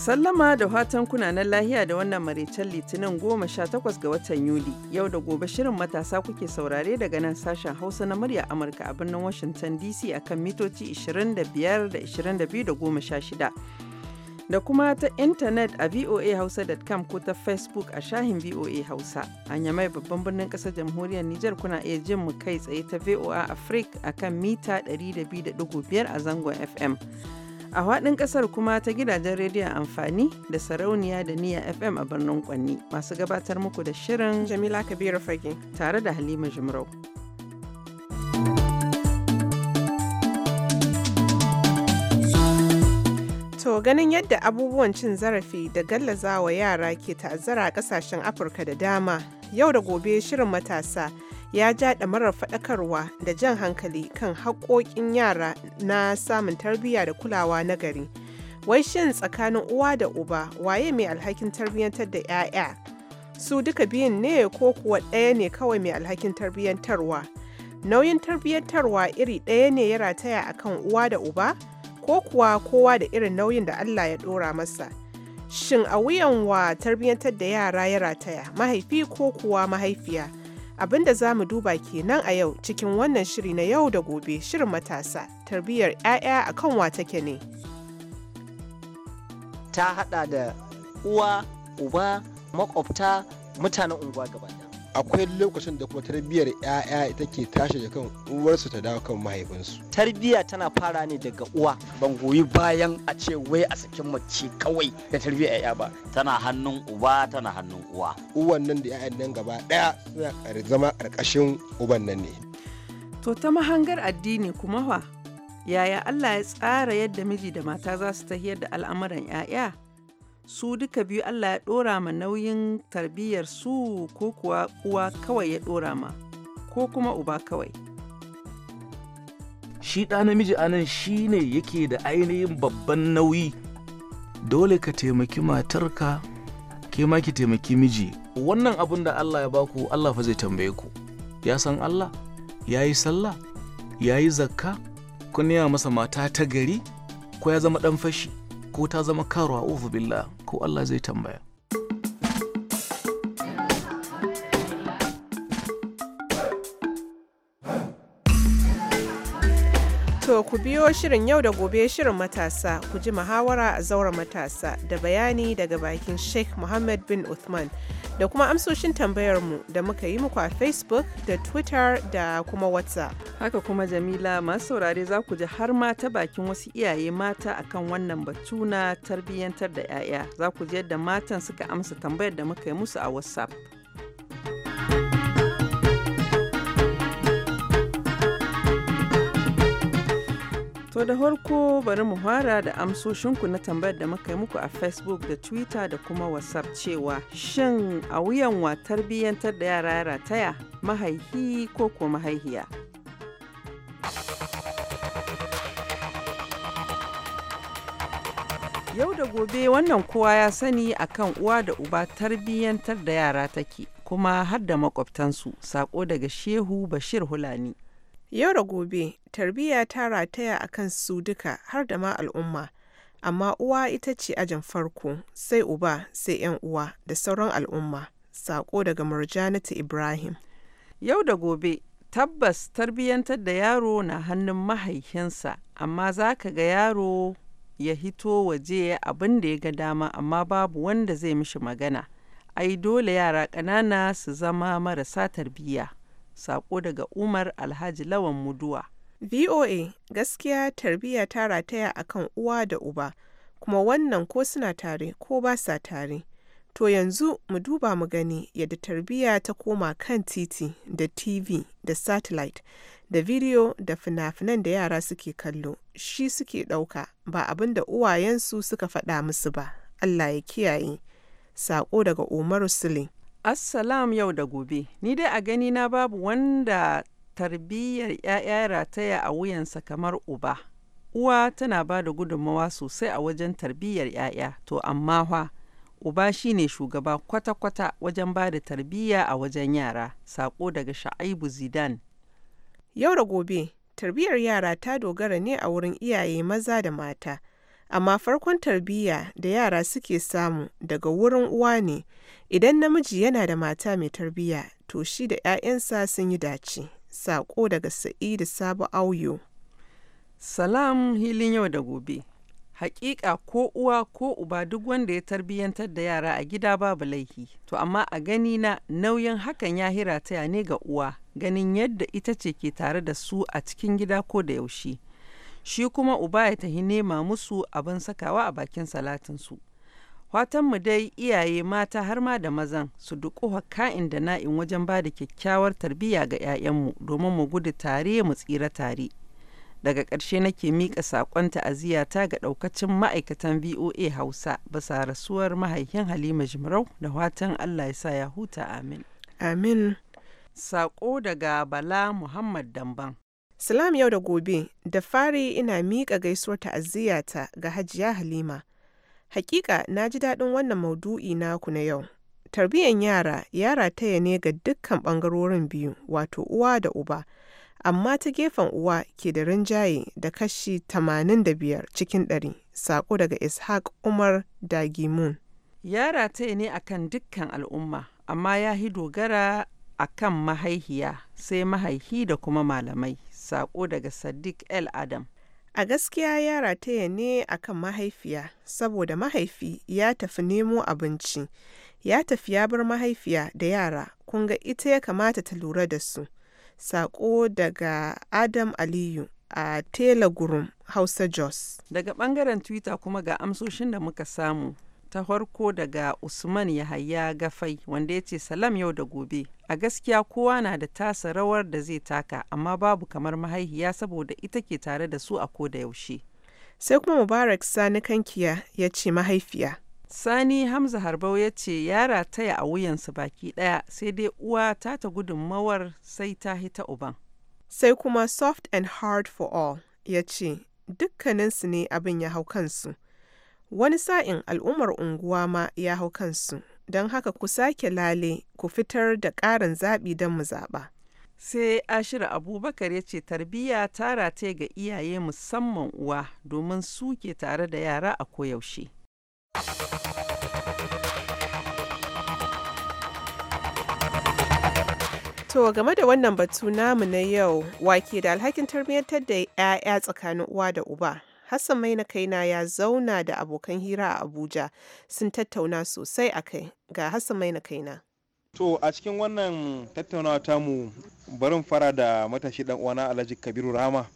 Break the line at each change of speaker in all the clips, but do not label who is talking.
Sallama da fatan nan lahiya da wannan maraicen litinin goma sha takwas ga watan Yuli. Yau da gobe shirin matasa kuke saurare daga nan sashen Hausa na murya Amurka a birnin Washington DC akan mitoci 25 da 22 da da kuma ta intanet a voahausa.com ko ta facebook a shahin voa hausa An mai babban birnin kasar jamhuriyar nijar kuna iya jin mu kai tsaye ta voa africa akan mita 102.5 a zangon fm a faɗin ƙasar kuma ta gidajen rediyon amfani da sarauniya da niya fm a birnin kwanni masu gabatar muku da shirin jamila kabiru fage tare da halima jimrau
to ganin yadda abubuwan cin zarafi da gallazawa yara ke ta'azzara a ƙasashen afirka da dama yau da gobe shirin matasa ya ja ɗamarar faɗakarwa da jan hankali kan haƙoƙin yara na samun tarbiyya da kulawa na gari. Wai shin tsakanin uwa da uba waye mai alhakin tarbiyyantar da 'ya'ya? Su duka biyun ne ko kuwa ɗaya ne kawai mai alhakin tarbiyyantarwa? Nauyin tarbiyyantarwa iri ɗaya ne ya rataya akan uwa da uba? Ko kuwa kowa da irin nauyin da Allah ya ɗora masa? Shin a wuyan wa tarbiyyantar da yara ya rataya mahaifi ko kuwa mahaifiya? Abin da za mu duba kenan a yau cikin wannan shiri na yau da gobe shirin matasa tarbiyyar 'ya'ya a kan wa take ne.
Ta haɗa da uwa, uba, makwabta, mutanen unguwa
gabata. akwai lokacin da kuma tarbiyyar 'ya'ya ita ke tashi da kan uwarsu ta dawo kan mahaifinsu. Tarbiyya tana fara ne daga uwa. Ban goyi bayan a ce wai a sakin
mace kawai da tarbiyyar 'ya'ya ba. Tana hannun uba tana hannun uwa.
Uwan nan da 'ya'yan
nan gaba ɗaya suna
zama ƙarƙashin uban nan ne.
To ta mahangar addini kuma fa yaya Allah ya tsara yadda miji da mata za su tafiyar da al'amuran 'ya'ya? su duka biyu Allah ya ɗora ma nauyin tarbiyyar su ko kuwa uwa kawai ya ɗora ma ko kuma uba kawai.
Shi ɗa namiji anan shi ne yake da ainihin babban nauyi. Dole ka taimaki matarka, ke ma ki taimaki miji. Wannan abun da Allah ya baku Allah fa zai tambaye ku. Ya san Allah, ya yi sallah, ya yi zakka, kun masa mata ta gari, ko ya zama ɗan fashi. ko ta zama karuwa uzu billah ko Allah zai tambaya
ku biyo shirin yau da gobe shirin matasa ku ji muhawara a zauren matasa da bayani daga bakin Sheikh Muhammad bin Uthman da kuma amsoshin
tambayarmu da muka yi muku a Facebook da Twitter da kuma WhatsApp. Haka kuma Jamila masu saurare za ku ji har ma ta bakin wasu iyaye mata akan wannan batu na tarbiyyantar da 'ya'ya. Za ku ji yadda matan suka amsa tambayar da muka yi musu a WhatsApp. To da harko bari mu fara da amsoshinku na tambayar da muka yi muku a Facebook da Twitter da kuma WhatsApp cewa shin a wuyan wa tarbiyyantar da yara yara taya mahaihi ko ko mahaihiya? Yau da gobe wannan kowa ya sani akan uwa da uba tarbiyyantar da yara take kuma har da makwabtansu sako daga Shehu Bashir Hulani. Yau da gobe,
tarbiyya ta rataya a kan su duka har da ma al'umma, amma uwa ita ce ajin farko, sai uba, sai 'yan uwa da sauran al'umma. Sako daga Murjanatu Ibrahim.
Yau da gobe, tabbas tarbiyyantar da yaro na hannun mahaifinsa, amma za ka ga yaro ya hito waje abin da ya ga dama amma babu wanda zai mishi magana. Ai dole yara ƙanana su zama marasa tarbiyya. Sako daga Umar Alhaji Lawan Muduwa.
VOA gaskiya tarbiyya ta rataya a kan uwa da uba, kuma wannan ko suna tare ko ba sa tare. To yanzu mu duba mu gani yadda tarbiyya ta koma kan titi da TV da satellite da video da fina-finan da yara suke kallo shi suke ɗauka ba abin da uwayensu suka faɗa musu ba. Allah ya kiyaye. Sako daga Umaru Sule.
Assalam yau da gobe. Ni dai a gani na babu wanda tarbiyyar ‘ya'ya rataya a wuyansa kamar uba. Uwa tana ba da gudunmawa sosai a wajen tarbiyyar ‘ya'ya, to amma fa uba shine shugaba kwata-kwata wajen ba da tarbiyya a wajen yara. Sako daga Sha'aibu Zidan. Yau da gobe,
tarbiyyar yara ta dogara ne a wurin iyaye maza da mata. Amma farkon tarbiyya da yara suke samu daga wurin uwa ne, Idan namiji yana da mata mai tarbiyya, to shi da 'ya'yansa sun yi dace. saƙo daga Sa'idu Sabo Auyo.
Salam hilin yau da gobe. Hakika ko uwa ko uba duk wanda ya tarbiyyantar da yara a gida babu laifi. To amma a gani na nauyin hakan ya hira ta ne ga uwa, ganin yadda ita ce ke tare da su a cikin gida ko da yaushe. Shi kuma uba ya tahi nema musu abin sakawa a bakin salatinsu. mu dai iyaye mata har ma da mazan su duƙuwa ka'in da na'in wajen ba da kyakkyawar tarbiyya ga 'ya'yanmu domin mu gudu tare mu tsira tare. Daga ƙarshe nake miƙa saƙon ta'aziyata ga ɗaukacin ma'aikatan VOA Hausa basa rasuwar mahaifin Halima Jimrau da watan Allah ya sa ya huta amin. Amin. Saƙo daga Bala Muhammad Damban. Salam yau da
gobe, da fari ina miƙa gaisuwar ta'aziyata ga Hajiya Halima. Hakika na ji daɗin wannan maudu'i naku na yau. Tarbiyyar yara ya rataya ne ga dukkan ɓangarorin biyu, wato uwa da uba, amma ta gefen uwa ke da rinjaye da kashi 85 cikin ɗari, saƙo daga Ishaq
Umar Dagimun. Ya rataya ne akan dukkan al'umma, amma ya hi dogara akan mahaihiya, sai mahaihi da kuma malamai, saƙo daga Sadiq El Adam. A gaskiya ya rataya ne a kan mahaifiya, saboda
mahaifi ya tafi nemo abinci, ya tafi ya bar mahaifiya da yara, kun ga ita ya kamata ta lura da su. Sako daga Adam Aliyu a Tela Hausa Jos.
Daga ɓangaren Twitter kuma ga amsoshin da muka samu. ta farko daga Usman Yahaya Gafai wanda ya ce salam yau da gobe. A gaskiya kowa na da tasa rawar da zai taka amma babu kamar mahaihiya saboda ita ke tare da su a ko da yaushe. Sai kuma Mubarak Sani
Kankiya ya ce mahaifiya.
Sani Hamza Harbau ya ce yara taya a wuyansu baki ɗaya sai dai uwa ta ta gudunmawar sai ta hita uban. Sai kuma soft and hard
for all ya ce dukkaninsu ne abin ya hau kansu. wani sa'in al'ummar unguwa ma ya hau kansu don haka ku sake lale ku fitar da ƙarin zaɓi don mu zaɓa.
sai ashir abubakar ya ce tarbiyya tara ta ga iyaye musamman uwa domin su ke tare da yara a koyaushe.
To game da wannan batu namu na yau wake da alhakin tarbiyyantar da 'ya'ya tsakanin uwa da uba Hassan Maina Kaina ya zauna da abokan hira a Abuja sun tattauna sosai a kai ga Hassan Maina Kaina.
To a cikin wannan tattaunawa tamu barin fara da matashi dan uwana Alhaji Kabiru Rama.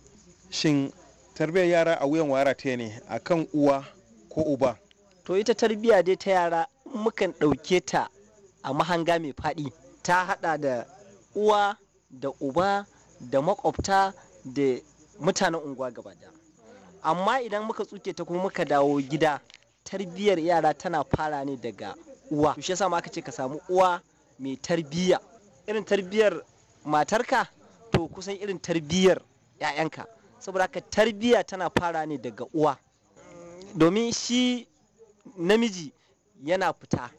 Shin tarbiyyar yara a wuyan wara ta ne akan uwa ko uba?
To ita tarbiyya dai ta yara mukan ɗauke ta a mahanga mai faɗi ta haɗa da uwa da uba da makwabta da mutanen unguwa gaba daya. amma idan muka tsuke ta kuma muka dawo gida tarbiyyar yara tana fara ne daga uwa to shi yasa ma aka ce ka samu uwa mai tarbiyya irin tarbiyyar matarka to kusan irin tarbiyyar 'ya'yanka saboda haka tarbiyya tana fara ne daga uwa domin shi namiji yana fita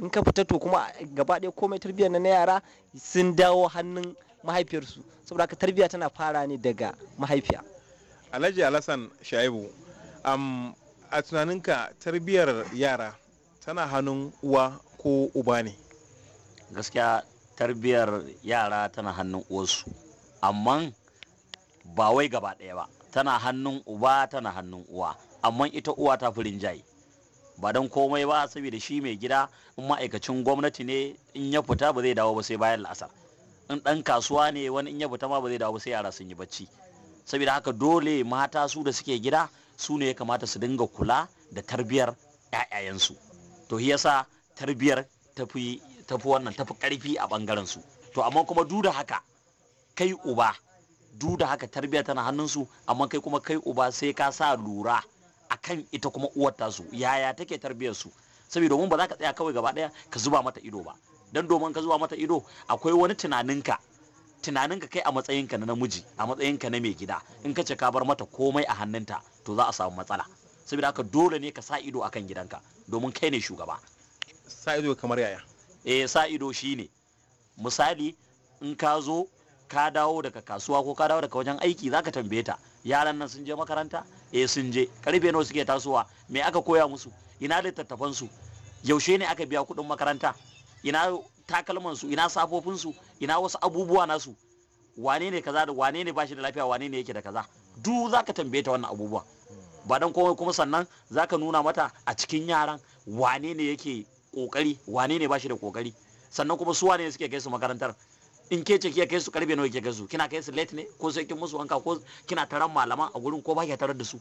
in ka fita to kuma gaba ɗaya komai tarbiyyar na yara sun dawo hannun mahaifiyarsu saboda haka tarbiyya tana fara ne daga
mahaifiya alhaji alasan shaibu um, a tunaninka
tarbiyyar yara tana hannun uwa ko uba ne gaskiya tarbiyyar yara tana hannun uwarsu amma ba wai gaba ɗaya ba tana hannun uba tana hannun uwa amma ita uwa ta fi rinjaye ba don komai ba saboda shi mai gida in ma'aikacin gwamnati ne in ya fita ba zai dawo ba sai bayan la'asar in ɗan kasuwa ne wani in ya fita ma ba zai dawo ba sai yara sun yi bacci saboda haka dole mata su da suke gida su ne ya kamata su dinga kula da tarbiyar 'ya'yayensu to yasa tarbiyar tafi wannan tafi karfi a ɓangarensu, su to amma kuma duda da haka kai uba duda da haka tarbiyar tana hannunsu amma kai kuma kai uba sai ka sa lura akan ita kuma uwar su, yaya take tarbiyar su saboda mun ba za ka tsaya kawai gaba ɗaya, ka zuba mata ido ba dan domin ka zuba mata ido akwai wani tunaninka tunaninka kai a matsayinka na namiji a matsayinka na mai gida in ka ce ka bar mata komai a hannunta to za a samu matsala saboda haka dole ne ka sa ido akan gidanka domin kai ne shugaba sa ido kamar yaya eh sa ido shine misali in ka zo ka dawo daga kasuwa ko ka dawo daga wajen aiki zaka tambaye ta yaran nan sun je makaranta eh sun je karfe nawa suke tasowa me aka koya musu ina littattafan su yaushe ne aka biya kuɗin makaranta ina Takalman su, ina safofin su, ina wasu abubuwa nasu wane ne kaza da wane ne bashi da lafiya wane ne yake da kaza duk ka tambaye ta wannan abubuwa ba dan komai kuma sannan zaka nuna mata a cikin yaran wane ne yake kokari wane ne bashi da kokari sannan kuma su wane suke kai su makarantar in ke ce kai su karbe nawa ke kai su kina kai su late ne ko sai kin musu wanka ko kina taran malama a gurin ko ba ki tarar da su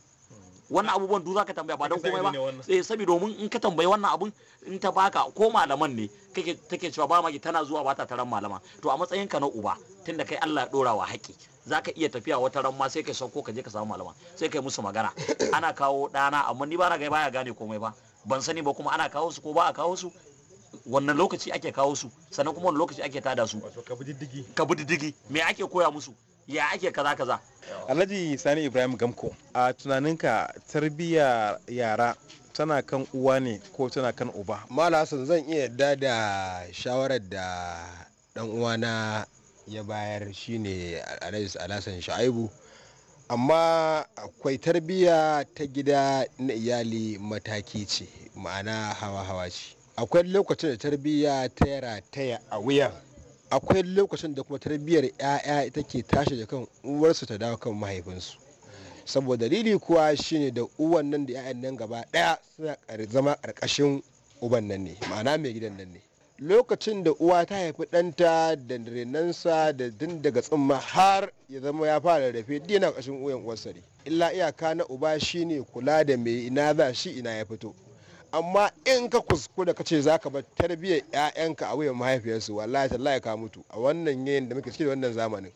wannan abubuwan duk zaka tambaya ba don komai ba eh sabi domin in ka tambayi wannan abun in ta baka ko malaman ne kake take cewa ba magi tana zuwa ba ta taran malama to a matsayin ka na uba tunda kai Allah ya dora wa haƙi zaka iya tafiya wata ran ma sai kai sauko ka je ka samu malama sai kai musu magana ana kawo ɗana amma ni ba na ga baya gane komai ba ban sani ba kuma ana kawo su ko ba a kawo su wannan lokaci ake kawo su sannan kuma wannan lokaci ake tada su ka bi diddigi me ake koya musu ya ake kaza kaza
alhaji sani ibrahim gamko a tunaninka tarbiyya yara tana kan uwa ne ko tana kan uba mala hassan zan iya yarda da shawarar da dan uwana ya bayar shine alhaji alhassan shaibu amma akwai tarbiyya ta gida na iyali mataki ce ma'ana hawa hawa ce akwai lokacin da tarbiyya ta yara taya a wuyan akwai lokacin da kuma tarbiyyar 'ya'ya ita ke tashi da kan uwarsu ta dawo kan mahaifinsu saboda dalili kuwa shine da uwan nan da 'ya'yan nan gaba daya suna zama karkashin uban nan ne ma'ana mai gidan nan ne lokacin da uwa ta haifi ɗanta da renansa da din daga tsumma har ya zama ya fara rafe dina ƙashin uwan uwarsa ne illa iyaka na uba shine kula da mai ina za shi ina ya fito amma in ka kuskure ka ce ka bar tarbiyyar 'ya'yanka a wuyan mahaifiyarsu wallahi ta laika mutu a wannan yayin da muke ciki da wannan zamanin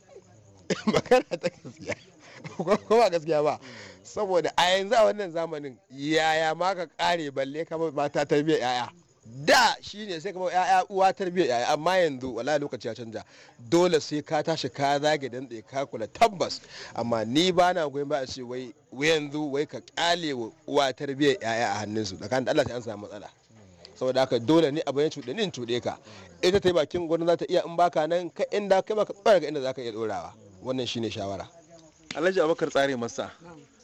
magana ta gaskiya ko ba gaskiya ba saboda a yanzu a wannan zamanin yaya ma ka kare balle ka mata tarbiyyar 'ya'ya da shi ne sai kama ya'ya uwa tarbiyyar ya'ya amma yanzu wala lokaci ya canja dole sai ka tashi ka zage dan tsaye ka kula tabbas amma ni ba na goyon ba a ce wai yanzu wai ka kyale wa uwa tarbiyyar ya'ya a hannunsu tsakanin Allah sai an samu matsala saboda haka dole ne abin ya cuɗe ni cuɗe ka ita ta yi bakin gwanin za ta iya in baka nan ka inda kai baka tsara ga inda za ka iya ɗorawa wannan shine shawara alhaji Abubakar tsare masa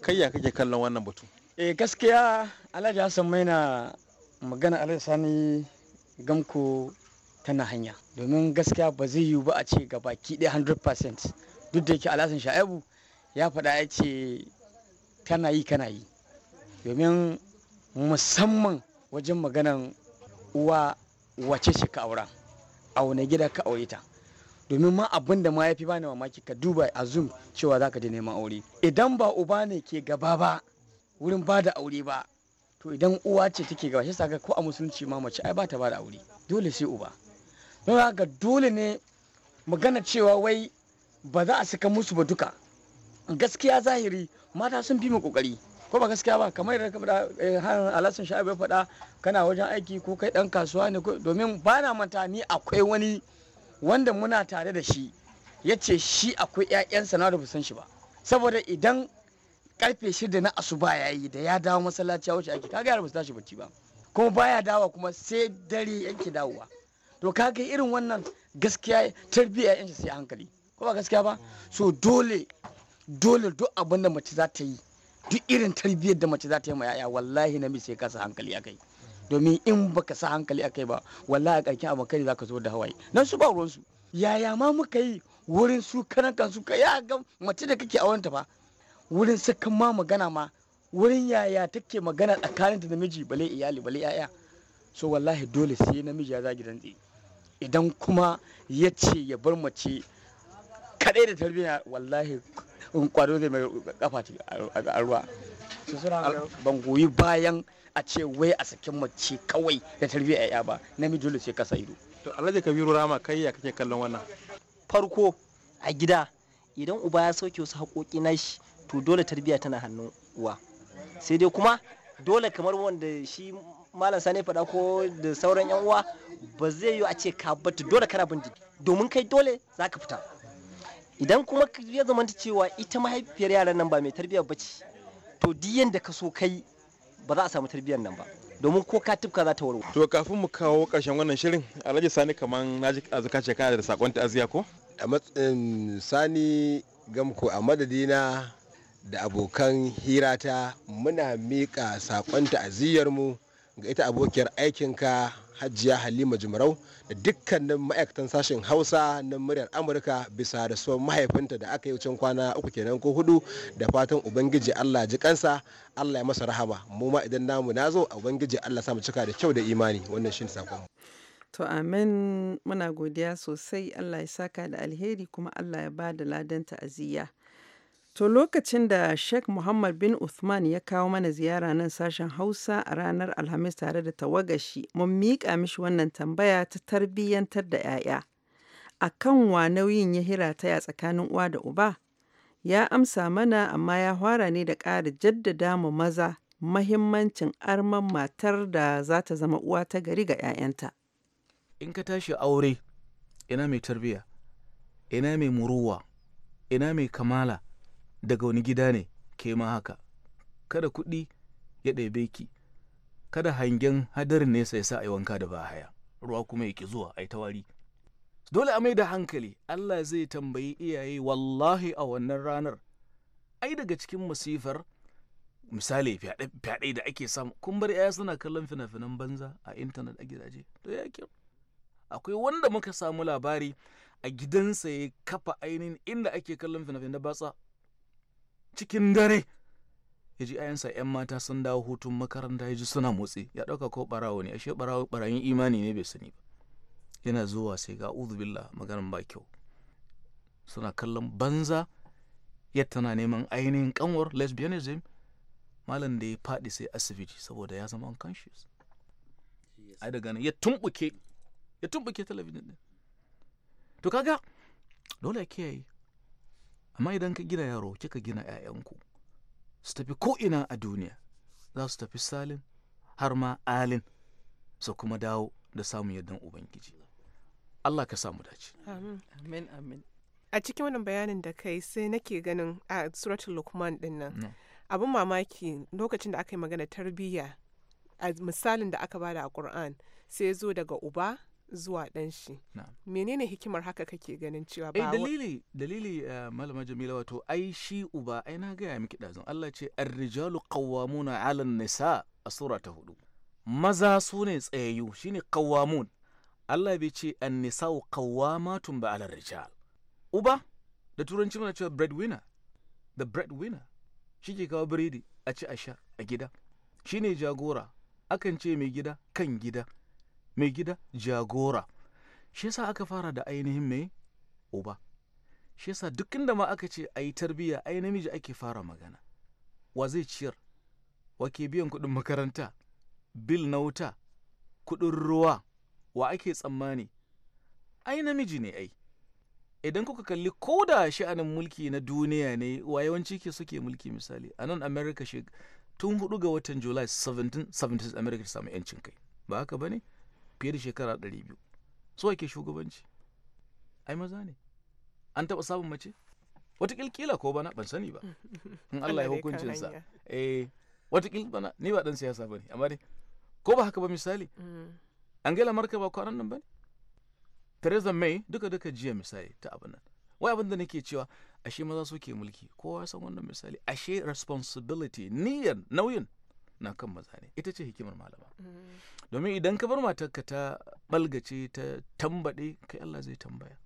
kai ya kake kallon wannan batu eh gaskiya alhaji hassan
na. magana alai sani gamko tana hanya domin gaskiya ba zai yiwu ba a ce gaba ki ɗaya 100% duk da yake alasan sha'abu ya faɗa ya ce tana yi kana yi domin musamman wajen maganan uwa wace ce ka aura a wane gida ka aure ta domin ma abin da ma ya fi bani mamaki ka duba a zoom cewa za ka je neman aure idan ba uba ne ke gaba ba wurin ba da aure ba to idan uwa ce take gaba shi ga ko a musulunci ma mace ai ba ta bada aure dole sai uba don haka dole ne magana cewa wai ba za a saka musu ba duka gaskiya zahiri mata sun fi mu kokari ko ba gaskiya ba kamar yadda ka faɗa eh, alasan sha'abu ya faɗa kana wajen aiki ko kai ɗan kasuwa ne domin ba na manta ni akwai wani wanda muna tare da shi ya ce shi akwai 'ya'yansa na da san shi ba saboda idan karfe shida na asuba ya yi da ya dawo masallaci ya wuce aiki kaga yara ba su tashi bacci ba kuma baya dawa kuma sai dare yake dawowa to kaga irin wannan gaskiya tarbiyya yanci sai hankali ko ba gaskiya ba so dole dole duk abin da mace za ta yi duk irin tarbiyyar da mace za ta yi ma yaya wallahi na sai ka sa hankali a kai. domin in baka sa hankali a kai ba wallahi a ƙarshen abokai za ka zo da hawaye nan su ba ruwansu yaya ma muka yi wurin su kanan kansu ka ya ga mace da kake a wanta ba? wurin sakan ma magana ma wurin yaya take magana tsakanin da namiji bale iyali bale yaya so wallahi dole sai namiji ya zagi dantse idan kuma ya ce ya bar mace kadai da tarbiyya wallahi in kwado zai mai kafa a ruwa ban goyi bayan a ce wai a
sakin mace kawai da tarbiyya yaya ba namiji dole sai kasa ido to alhaji kabiru rama kai ya kake kallon wannan farko a gida idan uba ya sauke wasu haƙoƙi na to dole tarbiyya tana hannun uwa sai dai kuma dole kamar wanda shi malam sani faɗa ko da sauran yan uwa ba zai yi a ce ka bata dole kana bin jiki domin kai dole za ka fita idan kuma ya zamanta cewa ita mahaifiyar yaran nan ba mai tarbiyyar ba ce to duk yadda ka so kai ba za a samu tarbiyyar nan ba
domin ko ka tufka za ta waro. to kafin mu kawo ƙarshen wannan shirin alhaji sani kamar na ji azuka ce kana da sakon ta'aziya ko. a matsayin sani gamko a madadina da abokan hirata muna miƙa saƙon ta'aziyyarmu ga ita abokiyar aikinka hajiya halima jimarau da dukkanin ma'aikatan sashen hausa na muryar amurka bisa da son mahaifinta da aka yi wucin kwana uku kenan ko hudu da fatan ubangiji allah ji kansa allah ya masa rahama mu ma idan namu na zo ubangiji allah samu cika da kyau da imani wannan shi sakon
to amin muna godiya sosai allah ya saka da alheri kuma allah ya ba da ladan ta'aziyya To lokacin da Sheikh Muhammad bin Uthman ya kawo mana ziyara nan sashen Hausa a ranar Alhamis tare da tawagashi, mun miƙa mishi wannan tambaya ta tarbiyyantar da 'ya'ya. A kan wa nauyin ya hira ta ya tsakanin uwa da uba? Ya amsa mana amma ya fara ne da ƙara jaddada mu maza mahimmancin arman matar da za ta zama uwa ta gari ga 'ya'yanta.
In ka tashi aure, ina mai tarbiyya, ina mai muruwa, ina mai kamala, daga wani gida ne ke ma haka kada kuɗi ya ɗebe ki kada hangen hadarin nesa ya sa a wanka da bahaya ruwa kuma ya ki zuwa a yi tawari dole a mai da hankali Allah zai tambayi iyaye wallahi a wannan ranar ai daga cikin masifar misali fyaɗe da ake samu kun bar ya suna kallon fina-finan banza a intanet a gidaje to ya akwai wanda muka samu labari a gidansa ya kafa ainihin inda ake kallon fina-finan batsa cikin dare ya ji ayansa 'yan mata sun dawo hutun makaranta ya ji suna motsi ya ɗauka ko ɓarawo ne ashe ɓarawo ɓarayin imani ne bai sani ba yana zuwa sai ga uzubillah maganin ba kyau suna kallon banza yadda tana neman ainihin kanwar lesbianism malam da ya faɗi sai asibiti saboda ya zama unconscious ai daga nan ya tumbuke ya tumbuke talabijin to kaga dole kiyaye amma idan ka gina yaro kika gina 'ya'yanku su tafi ko'ina a duniya za su tafi salin har ma alin su kuma dawo da samun yardan ubangiji allah ka samu dace
amin amin a cikin wannan bayanin da kai sai nake ganin a suratul lukman din nan abin mamaki lokacin da aka yi magana tarbiyya a misalin da aka bada a qur'an sai zo daga uba zuwa ɗan shi menene hikimar haka kake ganin cewa ba eh, dalili
dalili eh, malama jamila wato ai shi uba ai na gaya miki dazun Allah ce ar-rijalu qawwamuna 'ala nisa a sura ta hudu maza su ne tsayayyu shine qawwamun Allah bai ce an-nisa'u qawwamatun ba 'ala rijal uba da turanci muna cewa breadwinner the breadwinner shi ke kawo biredi a ci a sha a gida shine jagora akan ce mai gida kan gida mai gida jagora shi yasa aka fara da ainihin mai uba shi yasa duk inda ma aka ce a yi tarbiyya ai namiji ake fara magana wa zai ciyar wa ke biyan kuɗin makaranta bil na wuta kuɗin ruwa wa ake tsammani ai namiji ne ai idan kuka kalli ko da sha'anin mulki na duniya ne wa yawanci ke suke mulki misali a nan america tun hudu ga watan july 17 70 america ta samu yancin kai ba haka ba ne fiye da shekara ɗari biyu so ake shugabanci ai maza ne an taɓa samun mace wata kila ko bana ban sani ba in Allah ya hukuncinsa eh watakil bana ni ba dan siyasa bane amma dai ko ba haka ba misali mm. Angela Merkel ba kwanan nan bane Theresa May duka duka jiya misali ta abin nan wai abin da nake cewa ashe maza suke mulki kowa san wannan misali ashe responsibility niyyar nauyin na kan maza ne ita ce hikimar malama mm. domin idan ka bar matarka ta balgace ta tambaɗe kai Allah zai tambaya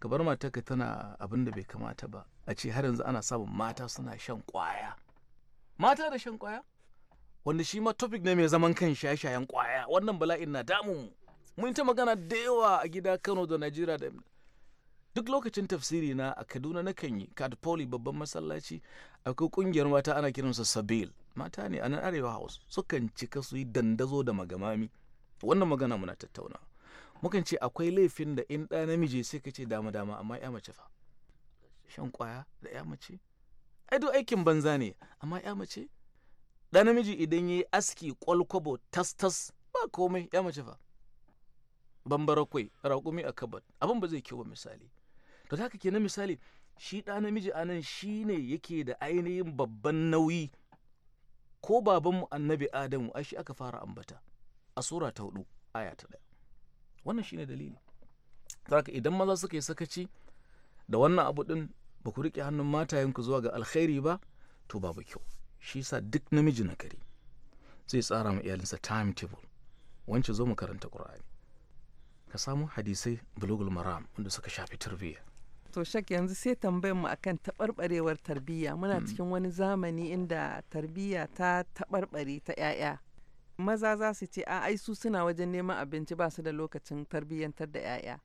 ka bar matarka tana abin da bai kamata ba a ce har yanzu ana samun mata suna shan kwaya mata da shan kwaya wanda shi ma topic ne mai zaman kan shayen kwaya wannan bala'in na damu mun ta magana da yawa a gida Kano da Najeriya da duk lokacin tafsiri na a Kaduna na kan yi Kadpoli babban masallaci akwai kungiyar mata ana kiransa Sabil mata ne a nan arewa house sukan cika su yi dandazo da magamami wannan magana muna tattauna mukan ce akwai laifin da in ɗa namiji sai ka ce dama dama amma ya mace fa shan kwaya da ya mace ai duk aikin banza ne amma ya mace ɗa namiji idan ya yi aski kwalkwabo tas tas ba komai ya mace fa bambara kwai raƙumi a kabar abin ba zai kyau ba misali to haka kenan misali shi ɗa namiji a nan shi ne yake da ainihin babban nauyi ko babanmu annabi adamu ai shi aka fara ambata a sura ta hudu aya ta ɗaya wannan shine dalili zaka idan maza suka yi sakaci da wannan abu din ba ku riƙe hannun matayenku zuwa ga alkhairi ba to babu kyau shi sa duk namiji na kare zai tsara ma iyalinsa time table. Wancan zo mu karanta ƙur'ani ka samu hadisai bulugul maram wanda suka shafi tarbiyya
to shak yanzu sai tambayin mu akan taɓarɓarewar tarbiyya muna hmm. cikin wani zamani inda tarbiyya ta taɓarɓare ta 'ya'ya maza za su ce a ai suna wajen neman abinci ba su da lokacin tarbiyyantar da 'ya'ya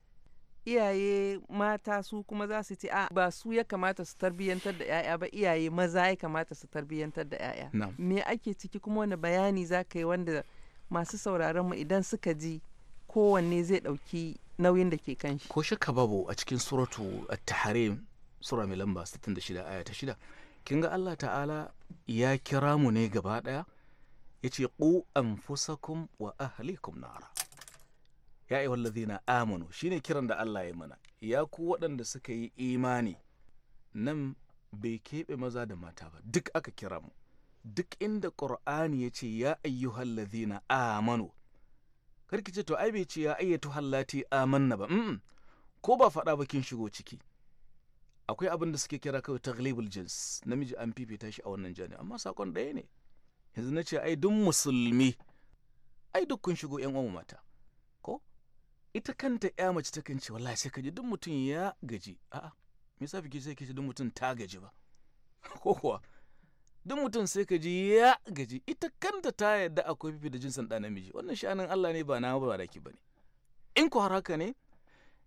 iyaye mata su kuma za su ce a ba su ya kamata su tarbiyyantar da 'ya'ya ba iyaye maza ya kamata su tarbiyyantar da 'ya'ya me ake ciki kuma wani bayani za ka yi wanda masu sauraron mu idan suka ji kowanne zai ɗauki nauyin da ke kan shi ko shakka
babu a cikin suratu at-tahrim sura mai lamba 66 aya 6 kin ga Allah ta'ala ya kira mu ne gaba daya yace qu anfusakum wa ahlikum nara ya ayyuhal ladhina amanu shine kiran da Allah ya mana ya ku waɗanda suka yi imani nan bai keɓe maza da mata ba duk aka kira mu duk inda qur'ani ya ce ya ayyuhal ladhina amanu karki ce to ai bai ce ya ayyatu hallati amanna ba ko ba faɗa ba kin shigo ciki akwai abin da suke kira kawai taglibul jins namiji an fifita shi a wannan jani amma sakon ɗaya ne yanzu na ce ai duk musulmi ai duk kun shigo yan uwan mata ko ita kanta ya mace ta kan ce wallahi sai kaji duk mutum ya gaji a'a me yasa fike sai kaji duk mutum ta gaji ba ko kuwa duk mutum sai ka ji ya gaji ita kanta ta yadda akwai fifi da jinsin ɗa namiji wannan sha'anin Allah ne ba na ba da ki bane in ku har haka ne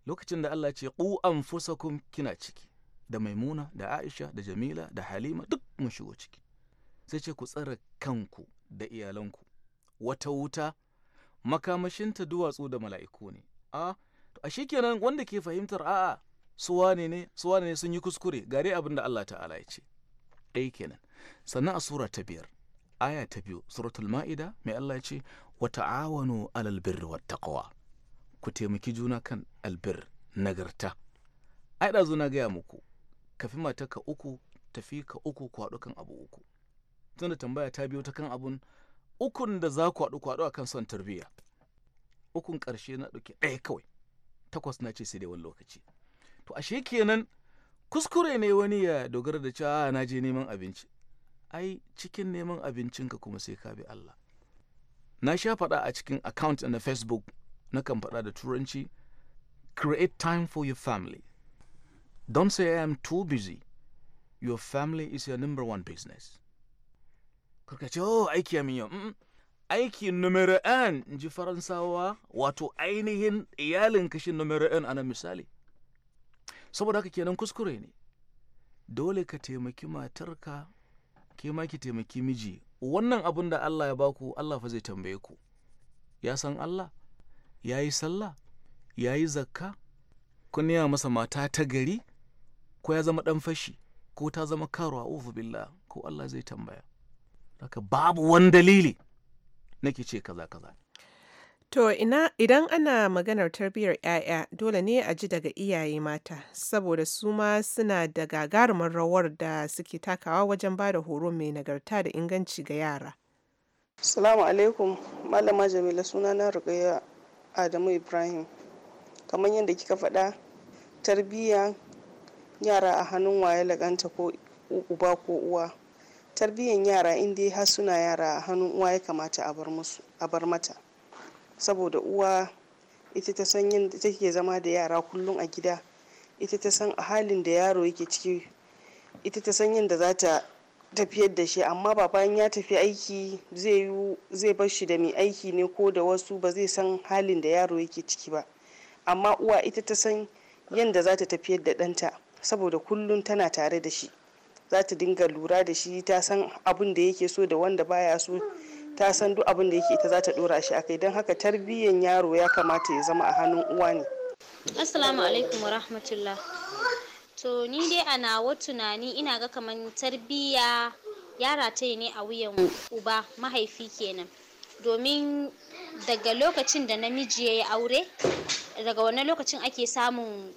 lokacin da Allah ce ku anfusakum kina ciki da Maimuna da Aisha da Jamila da Halima duk mun shigo ciki sai ce ku tsare kanku da iyalanku wata wuta makamashinta duwatsu da mala'iku ne a a shikenan wanda ke fahimtar a'a suwane ne suwane ne sun yi kuskure gare abin da Allah ta'ala ya ce ɗaya kenan sannan a sura ta biyar aya ta biyu suratul ma'ida mai Allah ya ce wata ta'awanu alal birri wat taqwa ku taimaki juna kan albir nagarta ai da na gaya muku kafi mata ka uku tafi ka uku ku kan abu uku tunda tambaya ta biyo ta kan abun ukun da za ku haɗu ku haɗu akan son tarbiyya ukun ƙarshe na ɗauke ɗaya kawai takwas na ce sai dai wani lokaci to ashe kenan kuskure ne wani ya dogara da cewa na je neman abinci ai cikin neman abincinka kuma sai ka bi Allah na sha faɗa a cikin account na facebook na kan faɗa da turanci create time for your family don't say i am too busy your family is your number one business karka ce oh aiki ya yau aiki numero n in ji faransawa wato ainihin iyalin kashin numero n ana misali saboda haka kenan kuskure ne dole ka taimaki matarka ke ma ki taimaki miji wannan abun da Allah ya baku Allah fa zai tambaye ku ya san Allah ya yi sallah ya yi zakka kun nema masa mata ta gari ko ya zama dan fashi ko ta zama karuwa ufu billah ko Allah zai tambaya haka babu wani dalili nake ce kaza kaza
To ina idan ana maganar tarbiyyar ‘ya'ya dole ne a ji daga iyaye mata saboda su ma suna da gagarumar rawar da suke takawa wajen ba da horo mai nagarta da inganci ga yara. Salamu alaikum Malama Jamila suna na Rukayya Adamu Ibrahim. Kamar yadda kika faɗa tarbiyya yara a hannun waye laganta ko uba ko uwa. tarbiyyar yara in dai har suna yara a hannun uwa ya kamata a bar mata. saboda uwa ita ta san yadda take zama da yara kullum a gida ita ta san halin da yaro yake ciki ita ta san yadda za ta tafiyar da shi amma baban ya tafi aiki zai bar shi da mai aiki ne ko da wasu ba zai san halin da yaro yake ciki ba amma uwa ita ta san yadda za ta tafiyar da ɗanta saboda kullum tana tare da shi za ta dinga lura da shi ta san abin da yake so da wanda baya so ta san duk abin da yake ita za ta dora shi akai don haka tarbiyyan yaro ya kamata ya zama a hannun uwa ne assalamu alaikum
wa rahmatullah to ni dai a nawa tunani ina ga kamar tarbiyya yara ta yi ne a wuyan uba mahaifi kenan domin daga lokacin da namiji ya yi aure daga wannan lokacin ake samun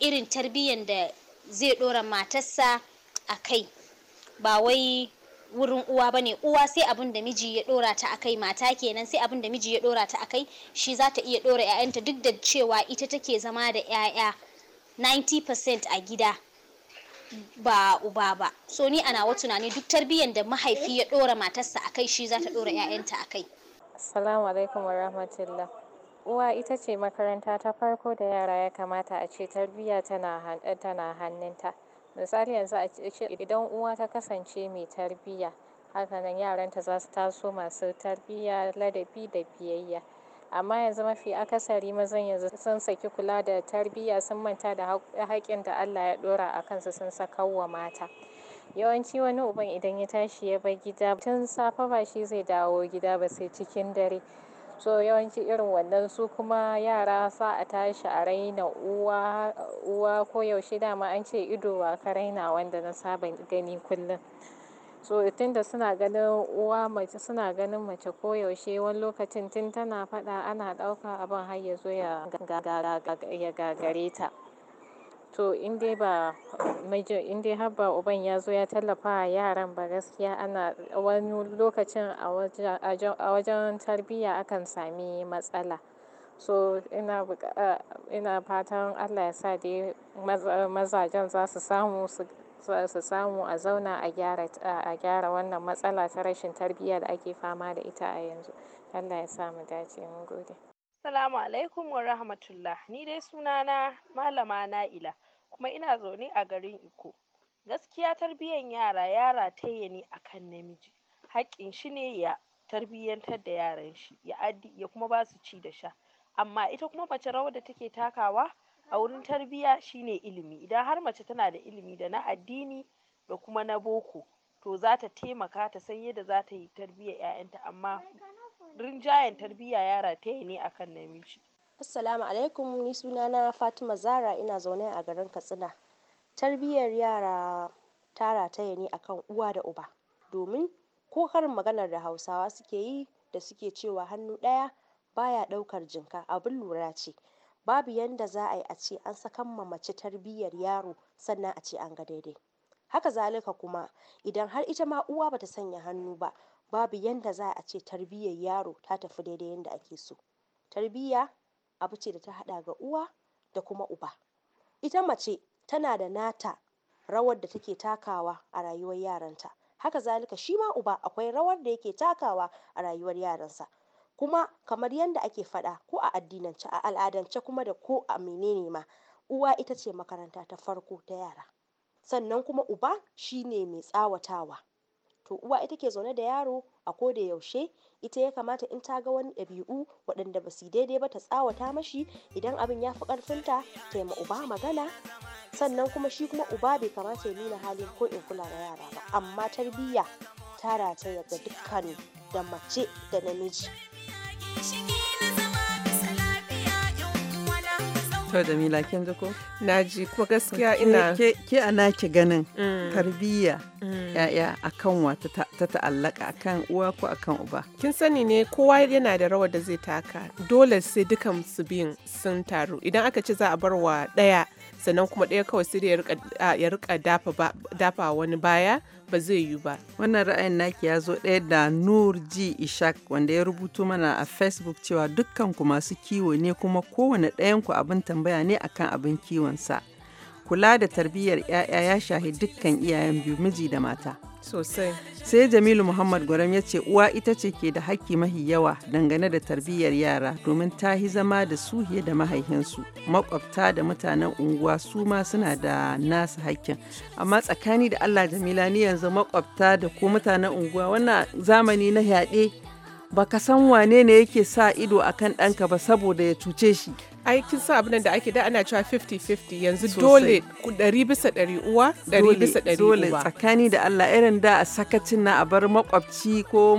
irin tarbiyyan da zai dora matarsa a kai ba wai wurin uwa bane uwa sai abin da miji ya dora ta akai mata kenan sai abin da miji ya dora ta akai shi za ta iya dora 'ya'yanta duk da cewa ita take zama da 'ya'ya 90% a gida ba uba ba so ni ana wa tunani duk tarbiyyar da mahaifi ya dora matarsa akai shi za ta dora 'ya'yanta akai assalamu
alaikum wa rahmatullah uwa ita ce makaranta ta farko da yara ya kamata a ce tarbiyya tana hannunta misali yanzu a ce idan uwa ta kasance mai tarbiyya hakanan yaranta za su taso masu tarbiyya ladabi da biyayya amma yanzu mafi akasari mazan yanzu sun saki kula da tarbiyya sun manta da haƙƙin da Allah ya ɗora a kansu sun sakawa wa mata yawanci wani uban idan ya tashi ya bar gida tun safe ba shi zai dawo gida ba sai cikin dare so yawanci irin wannan su kuma yara sa a tashi a raina uwa uwa yaushe dama an ce ido wa ka raina wanda na saba gani kullum so tunda suna ganin uwa mace suna ganin mace koyaushe wani lokacin tun tana faɗa ana ɗauka abin har ya zo ya gagare ta to in dai ba in dai har ba uban ya zo ya tallafa yaran ba gaskiya ana wani lokacin a wajen tarbiyya akan sami matsala so ina ina fatan allah ya sa dai mazajen za su samu su samu a zauna a gyara wannan matsala ta rashin tarbiyya da ake fama da ita a yanzu allah ya sa mu dace mun gode
Assalamu alaikum wa rahmatullah. Ni dai sunana Malama Na'ila kuma ina zaune a garin Iko. Gaskiya tarbiyyar yara yara yi ne akan namiji. Haƙƙin shi ne ya tarbiyyantar da yaran shi, ya addi ya kuma ba su ci da sha. Amma ita kuma mace rawar da take takawa a wurin tarbiyya shine ilimi. Idan har mace tana da ilimi da na addini da kuma na boko to za ta taimaka ta san yadda za ta yi tarbiyyar 'ya'yanta amma rinjayen tarbiyya ya rataye ne a akan namiji assalamu alaikum ni sunana fatima zara ina zaune a garin katsina tarbiyyar yara ta rataye ne akan uwa da uba domin ko karin maganar da hausawa suke yi da suke cewa hannu ɗaya baya ɗaukar jinka abin lura ce babu yanda za a yi a ce an sakan ma mace tarbiyyar yaro sannan a ce an ga daidai haka zalika kuma idan har ita ma uwa bata sanya hannu ba babu yanda za a ce tarbiyyar yaro ta tafi daidai yanda ake so. Tarbiyya abu ce da ta haɗa ga uwa da kuma uba. Ita mace tana da nata rawar da take takawa a rayuwar yaranta. Haka zalika shi ma uba akwai rawar da yake takawa a rayuwar yaransa. Kuma kamar yanda ake faɗa ko a addinance, a al'adance kuma da ko a menene ma uwa ita ce makaranta ta farko ta yara. Sannan kuma uba shine mai tsawatawa. to uwa ita ke zaune da yaro a ko da yaushe ita ya kamata in ta ga wani ɗabi'u waɗanda ba su daidai ba ta tsawata mashi idan abin ya fi ƙarfinta ta ma uba magana sannan kuma shi kuma uba bai kamata ya nuna halin ko in kula da yara ba amma tarbiyya ta rataya ga dukkan da mace da namiji.
to da mila kin kuma gaskiya ina ke ana ki ganin mm. tarbiyya mm. ya'ya akan wa ta ta'allaka kan uwa ko akan uba kin sani ne kowa yana da
rawar da zai taka dole sai dukan su biyun sun taru idan aka ce za a bar wa ɗaya. sannan kuma ɗaya kawai sai ya rika dafa wani baya ba zai yi ba.
Wannan ra'ayin naki ya zo ɗaya da Nur ji Ishak wanda ya rubuto mana a Facebook cewa dukkan ku masu kiwo ne kuma kowane ɗayan ku abin tambaya ne akan abin kiwon sa Kula da tarbiyyar 'ya'ya ya shahi dukkan iyayen biyu miji da mata. Sosai. Sai Jamilu Muhammad Gwaram ya ce uwa ita ce ke da haƙƙi mahi yawa dangane da tarbiyyar yara domin ta yi zama da su da mahaihinsu. Makwabta da mutanen unguwa su ma suna da nasu haƙƙin. Amma tsakani da Allah Jamila ni yanzu makwabta da ko mutanen unguwa wannan zamani na yaɗe ba ka san wane ne yake sa ido akan ɗanka ba saboda ya cuce shi. aikin sa abin da ake da ana cewa 50-50
yanzu dole ɗari bisa ɗari uwa ɗari bisa ɗari uwa dole tsakani
da Allah irin da a sakacin na a bar makwabci ko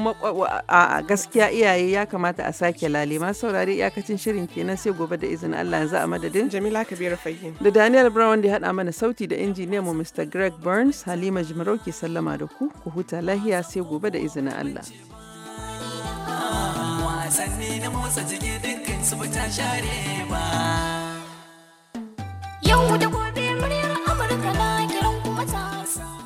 a gaskiya iyaye ya kamata a sake lale ma saurare iyakacin shirin kenan sai gobe da izinin Allah yanzu a madadin Jamila Kabir Fahim da Daniel Brown da ya haɗa mana sauti da injiniya mu Mr Greg Burns Halima Jimarau sallama da ku ku huta lahiya sai gobe da izinin Allah. wasanni na motsa jiki dukkan su ta share ba yau da gobe muryar amurka na kiran kuma ta sa